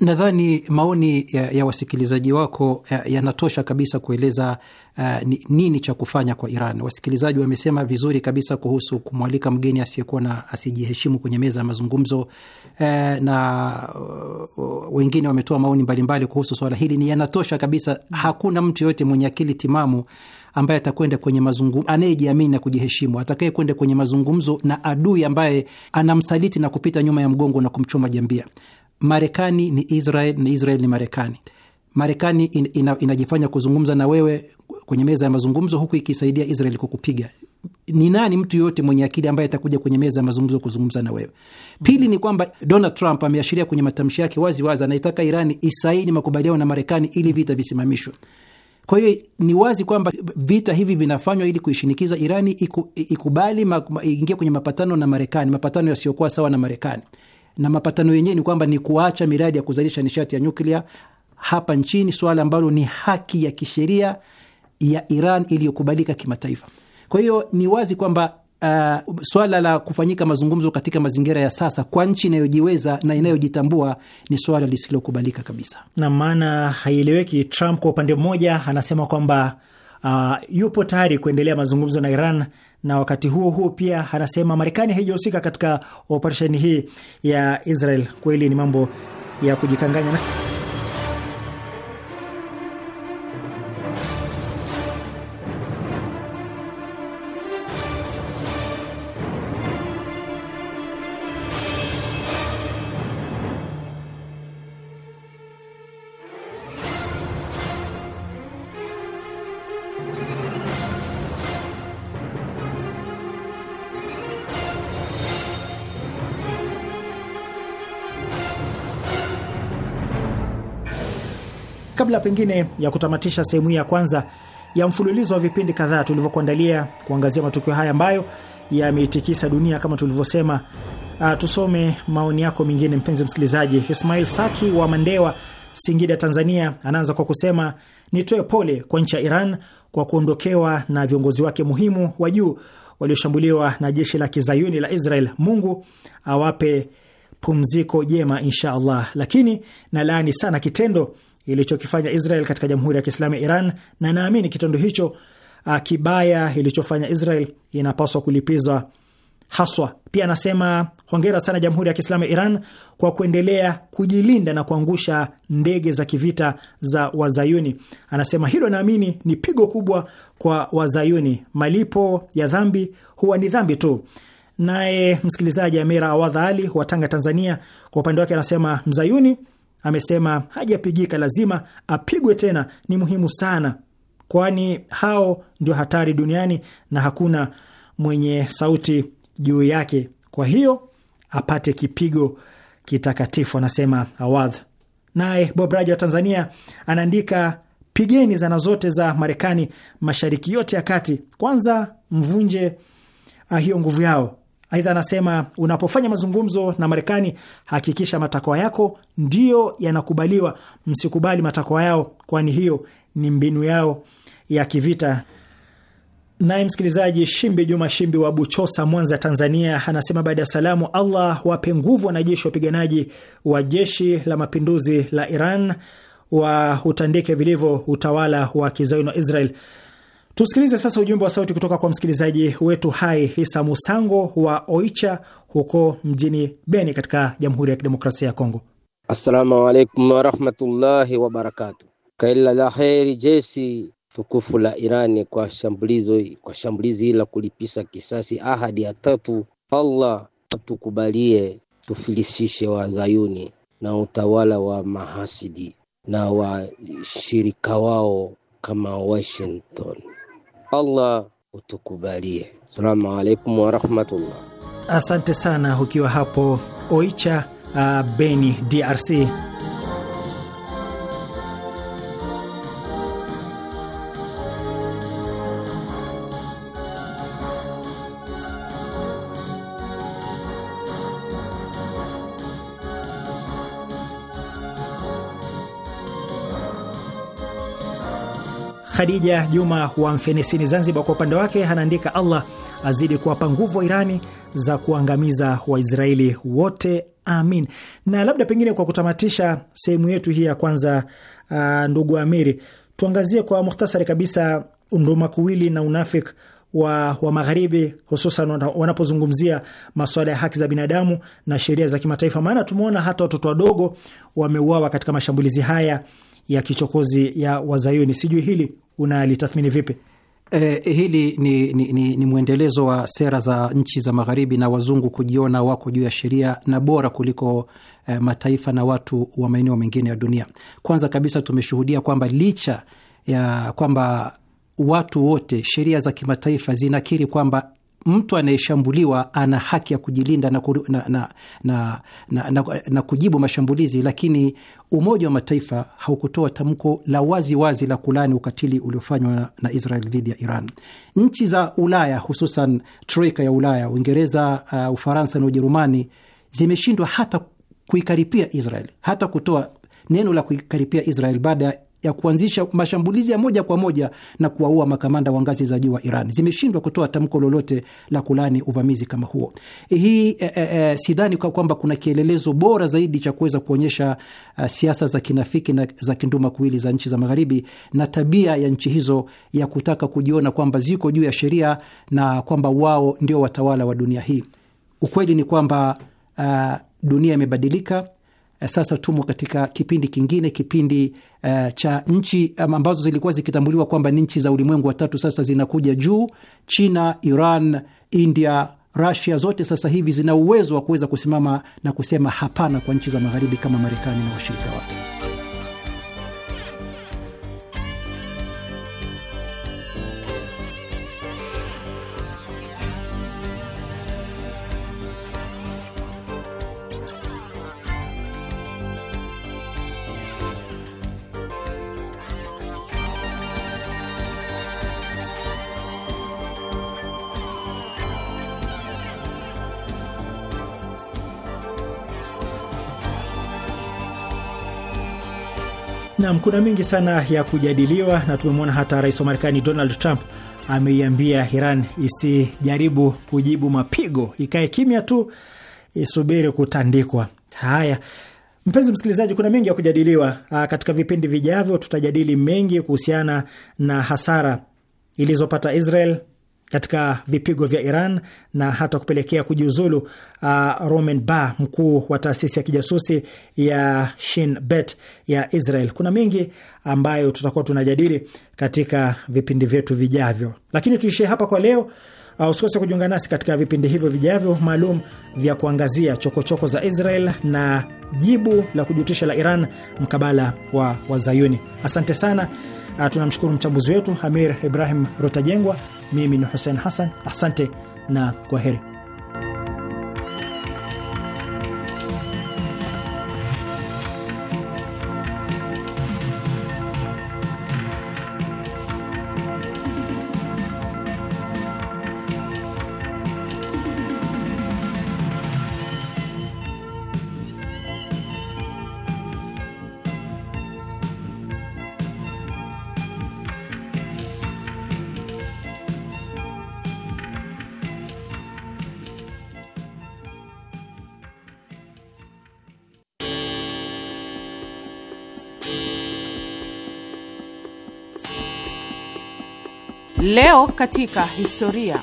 Nadhani maoni ya, ya wasikilizaji wako yanatosha ya kabisa kueleza uh, nini cha kufanya kwa Iran. Wasikilizaji wamesema vizuri kabisa kuhusu kumwalika mgeni asiyekuwa na asijiheshimu kwenye meza ya mazungumzo uh, na uh, wengine wametoa maoni mbalimbali kuhusu swala hili, ni yanatosha kabisa. Hakuna mtu yoyote mwenye akili timamu ambaye atakwenda kwenye mazungumzo, anayejiamini na kujiheshimu, atakayekwenda kwenye mazungumzo na adui ambaye anamsaliti na kupita nyuma ya mgongo na kumchoma jambia. Marekani ni Israel na Israel ni Marekani. Marekani in, ina, inajifanya kuzungumza na wewe kwenye meza ya mazungumzo huku ikisaidia Israel kukupiga. Ni nani mtu yoyote mwenye akili ambaye atakuja kwenye meza ya mazungumzo kuzungumza na wewe? Pili ni kwamba Donald Trump ameashiria kwenye matamshi yake waziwazi, anaitaka Irani isaini makubaliano na Marekani ili vita visimamishwe. Kwa hiyo ni wazi kwamba vita hivi vinafanywa ili kuishinikiza Irani iku, ikubali ingia kwenye mapatano na Marekani, mapatano yasiyokuwa sawa na Marekani, na mapatano yenyewe ni kwamba ni kuacha miradi ya kuzalisha nishati ya nyuklia hapa nchini, suala ambalo ni haki ya kisheria ya Iran iliyokubalika kimataifa. Kwa hiyo ni wazi kwamba uh, swala la kufanyika mazungumzo katika mazingira ya sasa kwa nchi inayojiweza na inayojitambua ni swala lisilokubalika kabisa, na maana haieleweki. Trump kwa upande mmoja anasema kwamba uh, yupo tayari kuendelea mazungumzo na Iran na wakati huo huo pia anasema Marekani haijahusika katika operesheni hii ya Israel. Kweli ni mambo ya kujikanganya. kabla pengine ya kutamatisha sehemu hii ya kwanza ya mfululizo wa vipindi kadhaa tulivyokuandalia kuangazia matukio haya ambayo yameitikisa dunia kama tulivyosema, uh, tusome maoni yako mengine, mpenzi msikilizaji. Ismail Saki wa Mandewa, Singida, Tanzania, anaanza kwa kusema nitoe pole kwa nchi ya Iran kwa kuondokewa na viongozi wake muhimu wa juu walioshambuliwa na jeshi la kizayuni la Israel. Mungu awape pumziko jema, insha Allah, lakini nalaani sana kitendo ilichokifanya Israel katika Jamhuri ya Kiislamu ya Iran, na naamini kitendo hicho ah, kibaya ilichofanya Israel inapaswa kulipizwa haswa. Pia anasema hongera sana Jamhuri ya Kiislamu ya Iran kwa kuendelea kujilinda na kuangusha ndege za kivita za Wazayuni. Anasema hilo naamini ni pigo kubwa kwa Wazayuni, malipo ya dhambi huwa ni dhambi tu. Naye msikilizaji Amira Awadha Ali wa Tanga, Tanzania, kwa upande wake anasema mzayuni amesema hajapigika, lazima apigwe tena, ni muhimu sana, kwani hao ndio hatari duniani na hakuna mwenye sauti juu yake, kwa hiyo apate kipigo kitakatifu, anasema Awadh. Naye Bob Raja wa Tanzania anaandika pigeni zana zote za Marekani mashariki yote ya kati, kwanza mvunje ah, hiyo nguvu yao Aidha anasema unapofanya mazungumzo na Marekani, hakikisha matakwa yako ndiyo yanakubaliwa, msikubali matakwa yao, kwani hiyo ni mbinu yao ya kivita. Naye msikilizaji Shimbi Juma Shimbi wa Buchosa, Mwanza, Tanzania, anasema baada ya salamu, Allah wape nguvu wanajeshi wapiganaji wa jeshi la mapinduzi la Iran, wa utandike vilivyo utawala wa kizayuni wa Israel. Tusikilize sasa ujumbe wa sauti kutoka kwa msikilizaji wetu hai Hisa Musango wa Oicha huko mjini Beni katika Jamhuri ya Kidemokrasia ya Kongo. Assalamu alaikum warahmatullahi wabarakatu. Kaila la heri jeshi tukufu la Irani kwa shambulizi kwa shambulizi la kulipisa kisasi ahadi ya tatu. Allah atukubalie tufilisishe wazayuni na utawala wa mahasidi na washirika wao kama Washington. Allah utukubalie. Assalamu alaikum warahmatullah. Asante sana ukiwa hapo Oicha, uh, Beni, DRC. Khadija Juma wa Mfenesini, Zanzibar, kwa upande wake anaandika, Allah azidi kuwapa nguvu wa Irani za kuangamiza Waisraeli wote, amin. Na labda pengine kwa kutamatisha sehemu yetu hii ya kwanza, uh, ndugu Amiri, tuangazie kwa muhtasari kabisa undumakuwili na unafiki wa, wa magharibi hususan wanapozungumzia masuala ya haki za binadamu na sheria za kimataifa, maana tumeona hata watoto wadogo wameuawa katika mashambulizi haya ya kichokozi ya Wazayuni. Sijui hili unalitathmini vipi? Eh, hili ni, ni, ni, ni mwendelezo wa sera za nchi za magharibi na wazungu kujiona wako juu ya sheria na bora kuliko eh, mataifa na watu wa maeneo mengine ya dunia. Kwanza kabisa tumeshuhudia kwamba licha ya kwamba watu wote sheria za kimataifa zinakiri kwamba mtu anayeshambuliwa ana haki ya kujilinda na, kuru, na, na, na, na, na, na kujibu mashambulizi, lakini Umoja wa Mataifa haukutoa tamko la wazi wazi la kulani ukatili uliofanywa na, na Israel dhidi ya Iran. Nchi za Ulaya hususan troika ya Ulaya, Uingereza, uh, Ufaransa na Ujerumani zimeshindwa hata kuikaripia Israel, hata kutoa neno la kuikaripia Israel baada ya ya kuanzisha mashambulizi ya moja kwa moja na kuwaua makamanda wa ngazi za juu wa Iran zimeshindwa kutoa tamko lolote la kulani uvamizi kama huo. Hii e, e, sidhani kwa kwamba kuna kielelezo bora zaidi cha kuweza kuonyesha uh, siasa za kinafiki na za kinduma kuwili za nchi za Magharibi na tabia ya nchi hizo ya kutaka kujiona kwamba ziko juu ya sheria na kwamba wao ndio watawala wa dunia hii. Ukweli ni kwamba uh, dunia imebadilika Eh, sasa tumo katika kipindi kingine, kipindi uh, cha nchi ambazo zilikuwa zikitambuliwa kwamba ni nchi za ulimwengu wa tatu, sasa zinakuja juu. China, Iran, India, Rusia zote sasa hivi zina uwezo wa kuweza kusimama na kusema hapana kwa nchi za magharibi kama Marekani na washirika wake. Naam, kuna mengi sana ya kujadiliwa na tumemwona hata rais wa Marekani Donald Trump ameiambia Iran isijaribu kujibu mapigo, ikae kimya tu isubiri kutandikwa. Haya, mpenzi msikilizaji, kuna mengi ya kujadiliwa. Ah, katika vipindi vijavyo, tutajadili mengi kuhusiana na hasara ilizopata Israel katika vipigo vya Iran na hata kupelekea kujiuzulu uh, Roman Bar, mkuu wa taasisi ya kijasusi ya Shin Bet ya Israel. Kuna mengi ambayo tutakuwa tunajadili katika vipindi vyetu vijavyo, lakini tuishie hapa kwa leo. Uh, usikose kujiunga nasi katika vipindi hivyo vijavyo maalum vya kuangazia chokochoko choko za Israel na jibu la kujutisha la Iran mkabala wa Wazayuni. Asante sana. Uh, tunamshukuru mchambuzi wetu Amir Ibrahim Rutajengwa mimi ni Hussein Hassan, asante na kwa heri. Leo katika historia.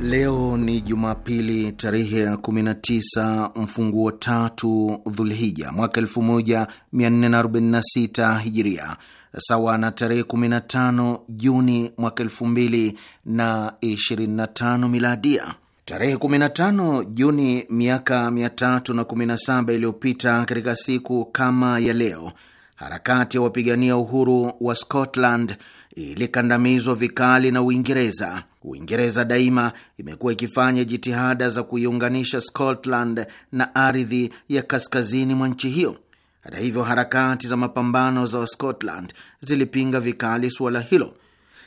Leo ni Jumapili tarehe ya 19 mfunguo tatu Dhulhija mwaka 1446 Hijiria, sawa na tarehe 15 Juni mwaka 2025 Miladia. Tarehe 15 Juni miaka 317 iliyopita katika siku kama ya leo harakati ya wapigania uhuru wa Scotland ilikandamizwa vikali na Uingereza. Uingereza daima imekuwa ikifanya jitihada za kuiunganisha Scotland na ardhi ya kaskazini mwa nchi hiyo. Hata hivyo, harakati za mapambano za Scotland zilipinga vikali suala hilo.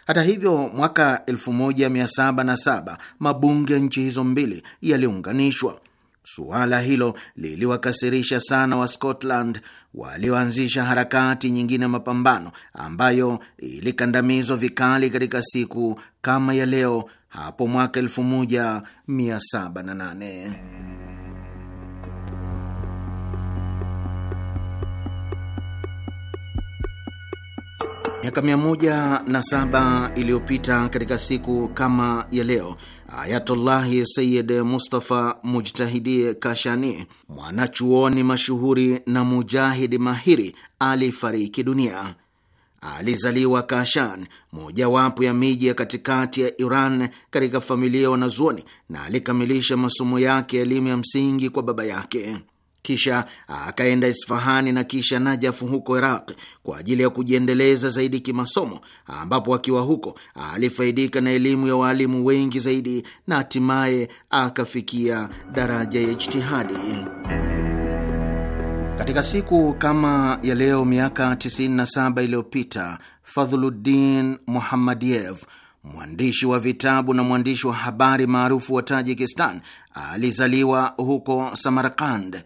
Hata hivyo, mwaka 1707 mabunge ya nchi hizo mbili yaliunganishwa. Suala hilo liliwakasirisha sana Waskotland walioanzisha harakati nyingine ya mapambano ambayo ilikandamizwa vikali katika siku kama ya leo hapo mwaka 1708. Miaka 17 iliyopita katika siku kama ya leo Ayatullahi Sayid Mustafa Mujtahidi Kashani, mwanachuoni mashuhuri na mujahidi mahiri, alifariki dunia. Alizaliwa Kashan, mojawapo ya miji ya katikati ya Iran, katika familia ya wanazuoni na alikamilisha masomo yake ya elimu ya msingi kwa baba yake kisha akaenda Isfahani na kisha Najafu huko Iraq kwa ajili ya kujiendeleza zaidi kimasomo, ambapo akiwa huko alifaidika na elimu ya waalimu wengi zaidi na hatimaye akafikia daraja ya ijtihadi. Katika siku kama ya leo miaka 97 iliyopita Fadhuluddin Muhammadiev, mwandishi wa vitabu na mwandishi wa habari maarufu wa Tajikistan, alizaliwa huko Samarkand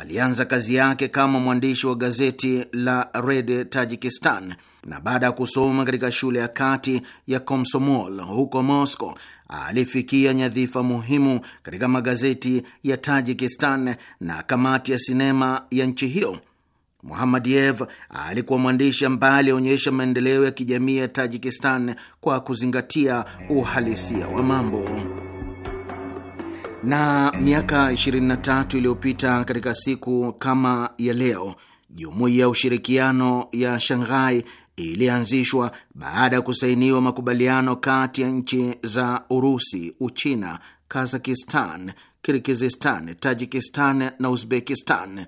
alianza kazi yake kama mwandishi wa gazeti la Red Tajikistan na baada ya kusoma katika shule ya kati ya Komsomol huko Moscow, alifikia nyadhifa muhimu katika magazeti ya Tajikistan na kamati ya sinema ya nchi hiyo. yev alikuwa mwandishi ambaye alionyesha maendeleo ya kijamii ya Tajikistan kwa kuzingatia uhalisia wa mambo. Na miaka 23 iliyopita katika siku kama ya leo, jumuiya ya ushirikiano ya Shanghai ilianzishwa baada ya kusainiwa makubaliano kati ya nchi za Urusi, Uchina, Kazakistan, Kirgizistan, Tajikistan na Uzbekistan.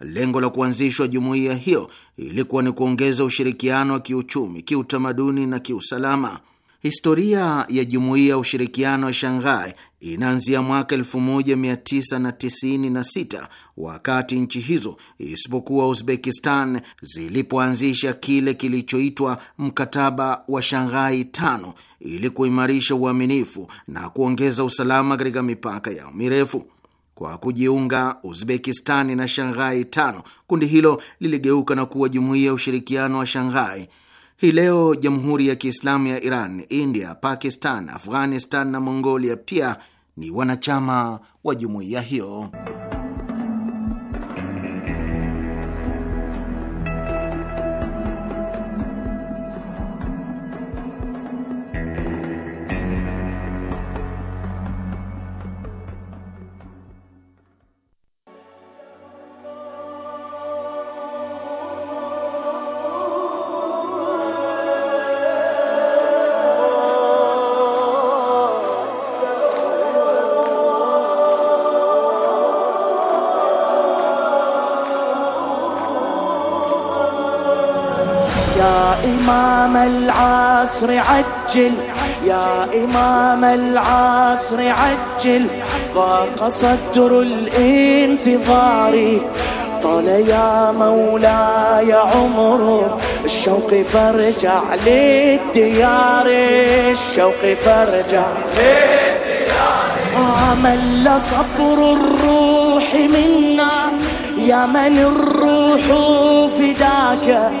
Lengo la kuanzishwa jumuiya hiyo ilikuwa ni kuongeza ushirikiano wa kiuchumi, kiutamaduni na kiusalama. Historia ya Jumuiya ya Ushirikiano wa Shanghai inaanzia mwaka 1996 wakati nchi hizo isipokuwa Uzbekistan zilipoanzisha kile kilichoitwa mkataba wa Shanghai tano ili kuimarisha uaminifu na kuongeza usalama katika mipaka yao mirefu. Kwa kujiunga Uzbekistani na Shanghai tano, kundi hilo liligeuka na kuwa Jumuiya ya Ushirikiano wa Shanghai hii leo Jamhuri ya Kiislamu ya Iran, India, Pakistan, Afghanistan na Mongolia pia ni wanachama wa jumuiya hiyo. العصر عجل يا إمام العصر عجل ضاق صدر الانتظار طال يا مولاي عمر الشوق فارجع للديار الشوق فارجع للديار عمل صبر الروح منا يا من الروح فداك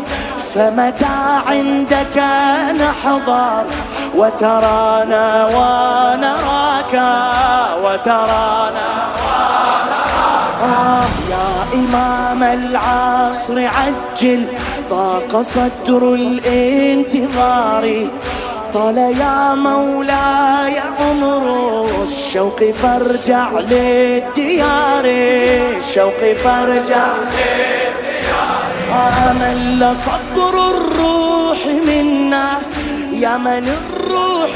فمتى عندك نحضر وترانا ونراك وترانا ونراك آه يا إمام العصر عجل ضاق صدر الانتظار طال يا مولاي عمر الشوق فارجع للديار الشوق فارجع للديار آمل صبر الروح منا يا من الروح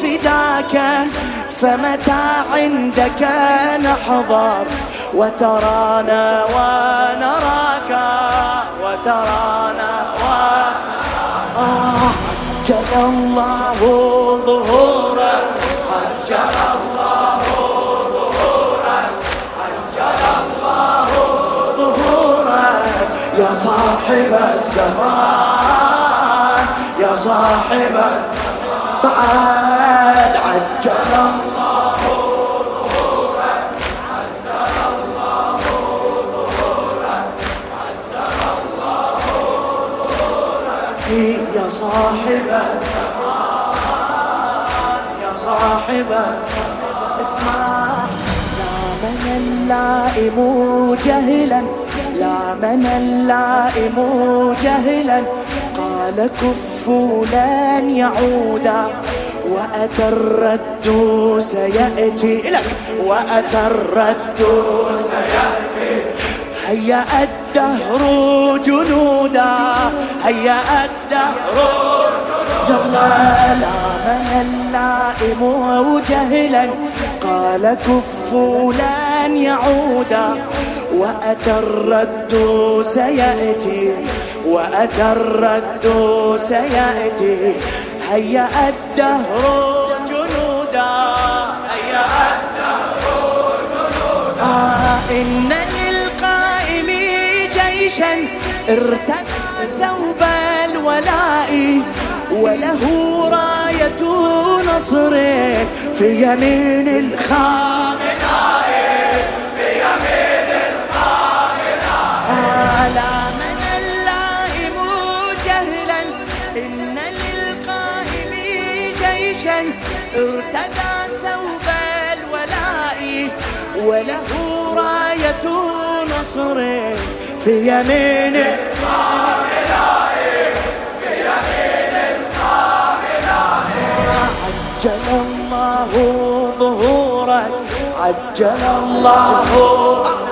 فداك فمتى عندك نحضر وترانا ونراك وترانا ونراك آه جل الله ظهور صاحب الزمان يا صاحب بعد عجل الله ظهورك عجل الله عجل الله يا صاحب الزمان يا صاحب اسمع من اللائم جهلا من اللائم جهلا قال كفوا لن يعودا وأتى الرد سيأتي لك وأتى الرد سيأتي هيا الدهر جنودا هيا الدهر جنودا لا من اللائم جهلا قال كفوا لن يعودا وأتى الرد سيأتي وأتى الرد سيأتي هيأ الدهر جنودا هيأ الدهر جنودا آه إن للقائم جيشا ارتد ثوب الولاء وله راية نصر في يمين الخامس على من اللائم جهلا إن للقائم جيشا ارتدى ثوب الولاء وله راية نصر في يمينه عجل الله ظهورك عجل الله